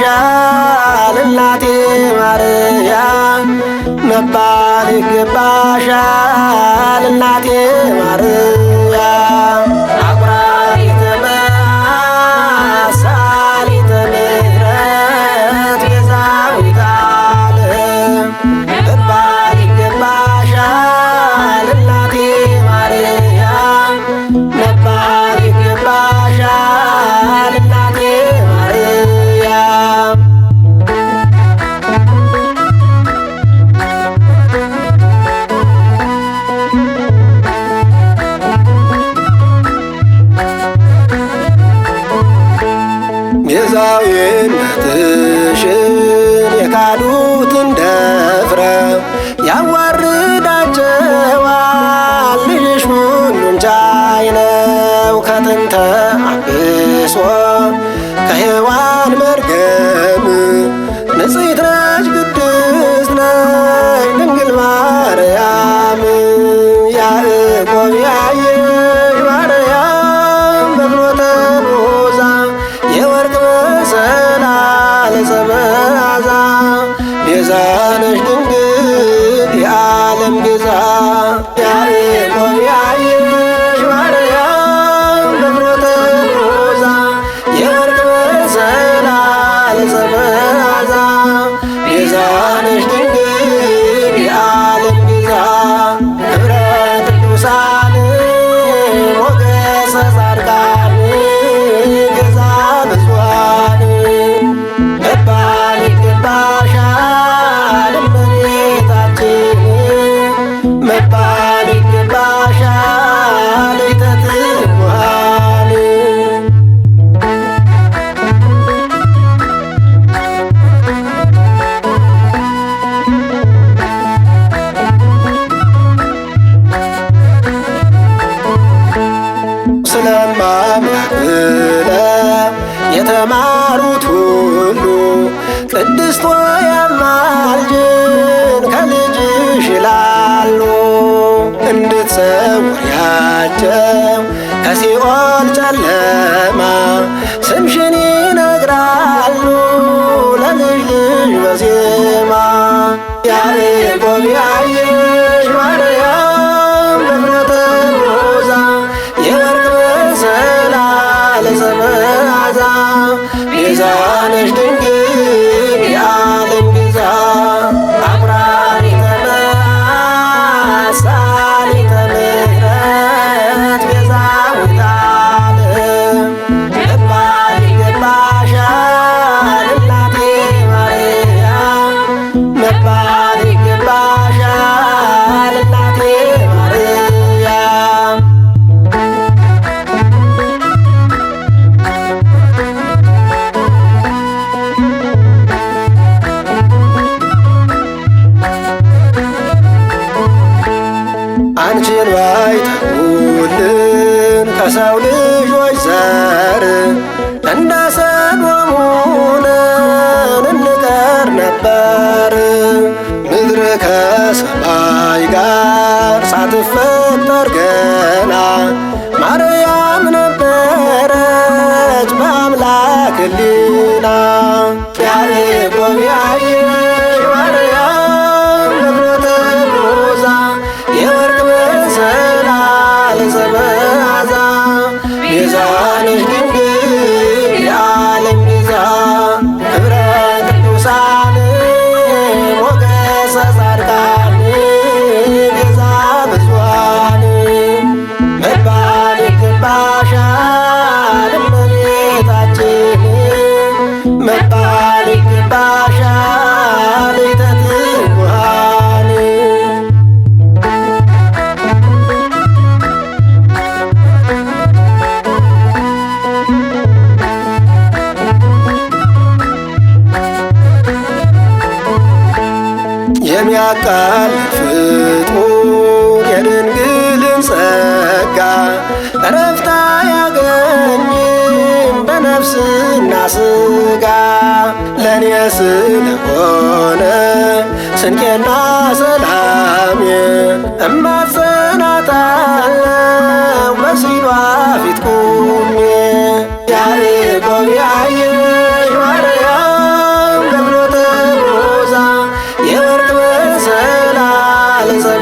ይገባሻል እናቴ ማርያም መባል ይገባሻል እናቴ ማርያም ቤዛዊነትሽን የካዱትን ደፍረው ያዋርዳቸዋል። ልጅሽ ሁሉን ቻይ ነው ከጥንተ አብሶ ከሔዋን መርገም ንጽሕት ነሽ ለማ ብለው የተማሩት ሁሉ ቅድስት ሆይ አማልጅን ከልጅሽ ይላሉ። እንድትሰውሪያቸው ከሲኦል ጨለማ ስምሽን ይነግራሉ ለልጅ ልጅ በዜማ ያዕቆብ የሰው ልጆች ዘር እንደ ሰዶም እንቀር ነበር። ምድር ከሰማይ ጋር ሳትፈጠር ገና መባል ይገባሻል ተትጓል የሚያቃል ፍጡር የድንግልን ጸጋ እረፍት ነፍስና ስጋ ለእኔ ስለሆነ ስንቄና ሰላሜ እማጸናታለው በሲሏ ፊት ቁሜ ያዕቆብ ያየሽ ማርያም ገብሎተ ሮዛ የወርቅ መሰላል